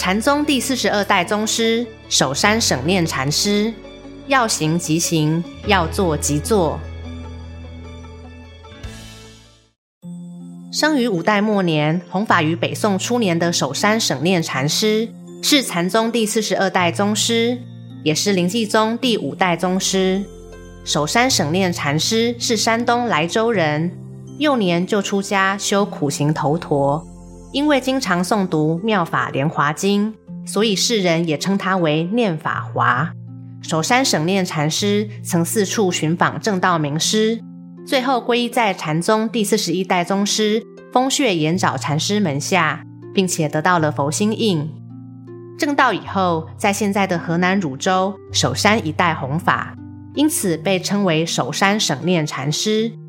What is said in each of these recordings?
禪宗第四十二代宗師首山省念禪師，要行即行，要坐即坐。生於五代末年，弘法於北宋初年的首山省念禪師，是禪宗第四十二代宗師，也是臨濟宗第五代宗師。首山省念禪師是山東萊州人，幼年就出家修苦行頭陀。因為經常誦讀《妙法蓮華經》，所以世人也稱他為念法華。首山省念禪師曾四處尋訪證道明師，最後皈依在禪宗第四十一代宗師風穴延沼禪師門下，並且得到了佛心印。證道以後，在現在的河南汝州首山一帶弘法，因此被稱為首山省念禪師。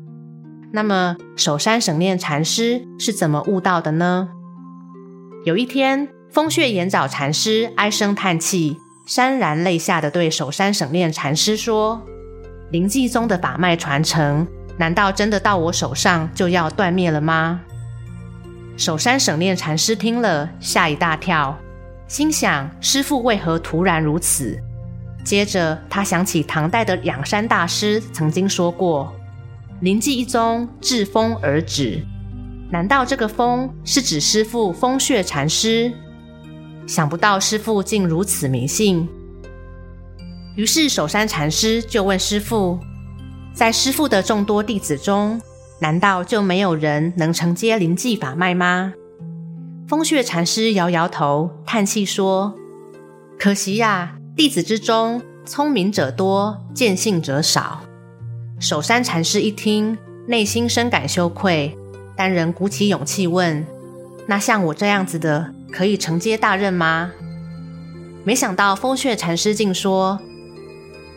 那麼，首山省念禪師是怎麼悟道的呢？有一天，風穴延沼禪師唉聲嘆氣，潸然淚下的對首山省念禪師說：“臨濟宗的法脈傳承，難道真的到我手上就要斷滅了嗎？”首山省念禪師聽了，嚇一大跳，心想：師父為何突然如此？接着，他想起唐代的仰山大師曾經說過。臨濟一宗至風而止，難道這個風是指師父風穴禪師？想不到師父竟如此迷信。於是首山禪師就問師父，在師父的眾多弟子中，難道就沒有人能承接臨濟法脈嗎？風穴禪師搖搖頭，嘆氣說：“可惜呀，弟子之中聰明者多，見性者少。”首山禪師一聽，內心深感羞愧，但仍鼓起勇氣問：“那像我這樣子的，可以承接大任嗎？”沒想到風穴禪師竟說：“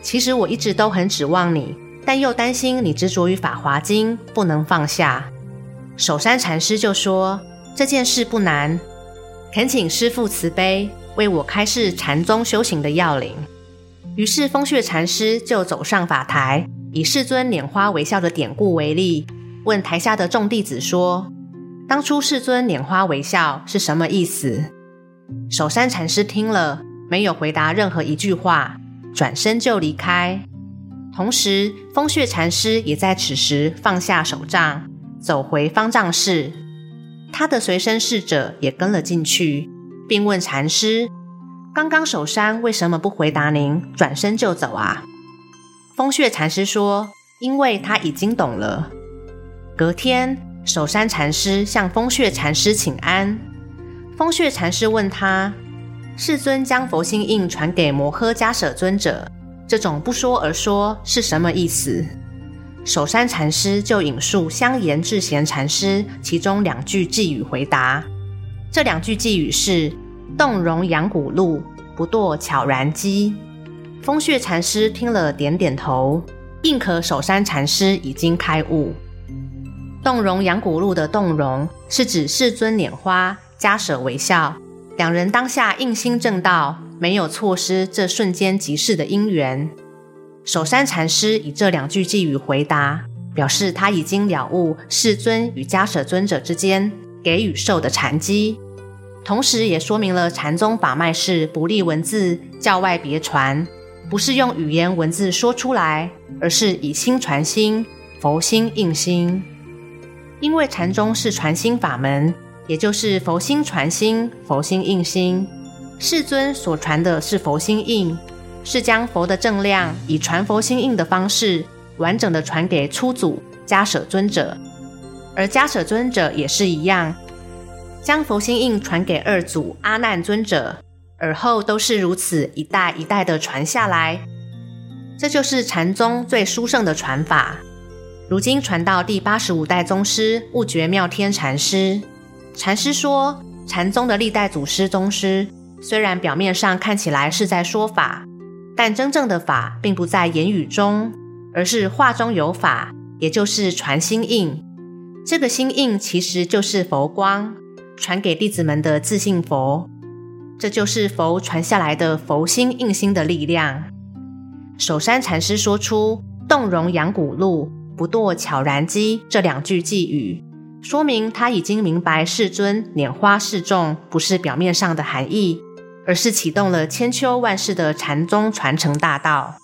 其實我一直都很指望你，但又擔心你執着於《法華經》，不能放下。”首山禪師就說：“這件事不難，懇請師父慈悲為我開示禪宗修行的要領。”於是風穴禪師就走上法台。以世尊拈花微笑的典故為例，問台下的眾弟子說：“當初世尊拈花微笑是什麼意思？”首山禪師聽了，沒有回答任何一句話，轉身就離開。同時，風穴禪師也在此時放下手杖，走回方丈室。他的隨身侍者也跟了進去，並問禪師：“剛剛首山為什麼不回答您，轉身就走啊？”風穴禪師說：“因為他已經懂了。”隔天，首山禪師向風穴禪師請安。風穴禪師問他：“世尊將佛心印傳給摩訶迦葉尊者，這種不說而說是什麼意思？”首山禪師就引述香嚴智閑禪師其中兩句偈語回答。這兩句偈語是：“動容揚古路，不墮悄然機。”風穴禪師聽了，點點頭。印可首山禪師已經開悟。「動容揚古路」的動容是指世尊拈花，迦葉微笑，兩人當下印心證道，沒有錯失這瞬間即逝的因緣。首山禪師以這兩句偈語回答，表示他已經了悟世尊與迦葉尊者之間給予受的禪機，同時也說明了禪宗法脈是不立文字，教外別傳。不是用語言文字說出來，而是以心傳心，佛心印心。因為禪宗是傳心法門，也就是佛心傳心，佛心印心。世尊所傳的是佛心印，是將佛的正量以傳佛心印的方式，完整地傳給初祖迦葉尊者，而迦葉尊者也是一樣，將佛心印傳給二祖阿難尊者。而後都是如此，一代一代的傳下來，這就是禪宗最殊勝的傳法。如今傳到第八十五代宗師悟覺妙天禪師，禪師說，禪宗的歷代祖師宗師，雖然表面上看起來是在說法，但真正的法並不在言語中，而是話中有法，也就是傳心印。這個心印其實就是佛光，傳給弟子們的自信佛。這就是佛傳下來的佛心印心的力量。首山禪師說出“動容揚古路，不墮悄然機”這兩句偈語，說明他已經明白世尊拈花示眾不是表面上的含義，而是啟動了千秋萬世的禪宗傳承大道。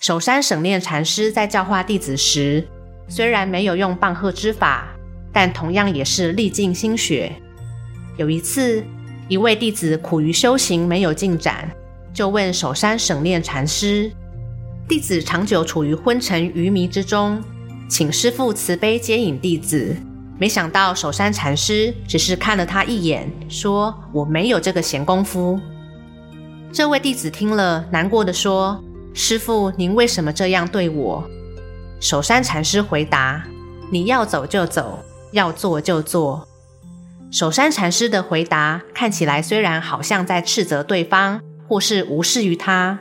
首山省念禪師在教化弟子時，雖然沒有用棒喝之法，但同樣也是歷盡心血。有一次，一位弟子苦於修行沒有進展，就問首山省念禪師：“弟子長久處於昏沉愚迷之中，請師父慈悲接引弟子。”沒想到首山禪師只是看了他一眼，說：“我沒有這個閒工夫。”這位弟子聽了，難過地說：“師父，您為什麼這樣對我？”首山禪師回答：“你要走就走，要做就做。”首山禪師的回答看起來雖然好像在斥責對方，或是無視於他，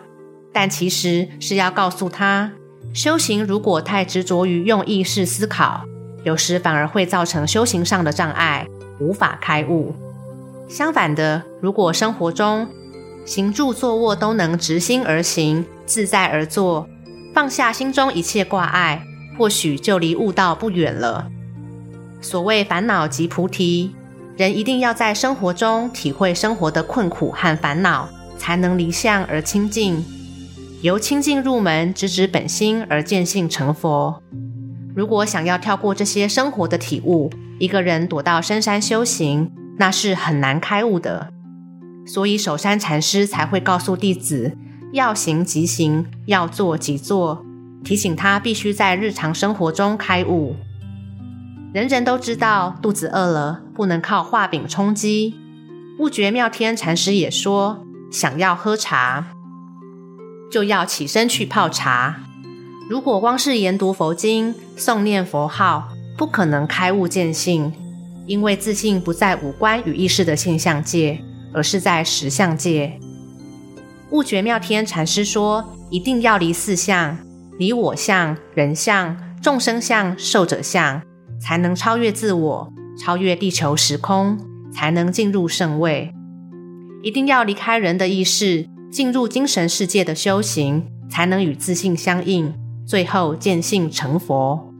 但其實是要告訴他：修行如果太執着於用意識思考，有時反而會造成修行上的障礙，無法開悟。相反的，如果生活中行住坐臥都能直心而行，自在而坐，放下心中一切掛礙，或許就離悟道不遠了。所謂煩惱即菩提。人一定要在生活中體會生活的困苦和煩惱，才能離相而清淨，由清淨入門，直指本心而見性成佛。如果想要跳過這些生活的體悟，一個人躲到深山修行，那是很難開悟的。所以首山禪師才會告訴弟子：要行即行，要坐即坐，提醒他必須在日常生活中開悟。人人都知道，肚子餓了不能靠畫餅充飢。悟覺妙天禪師也說，想要喝茶，就要起身去泡茶。如果光是研讀佛經、誦念佛號，不可能開悟見性，因為自信不在五官與意識的現象界，而是在實相界。悟覺妙天禪師說，一定要離四相：離我相、人相、眾生相、壽者相。才能超越自我，超越地球時空，才能進入聖位。一定要離開人的意識，進入精神世界的修行，才能與自性相應，最後見性成佛。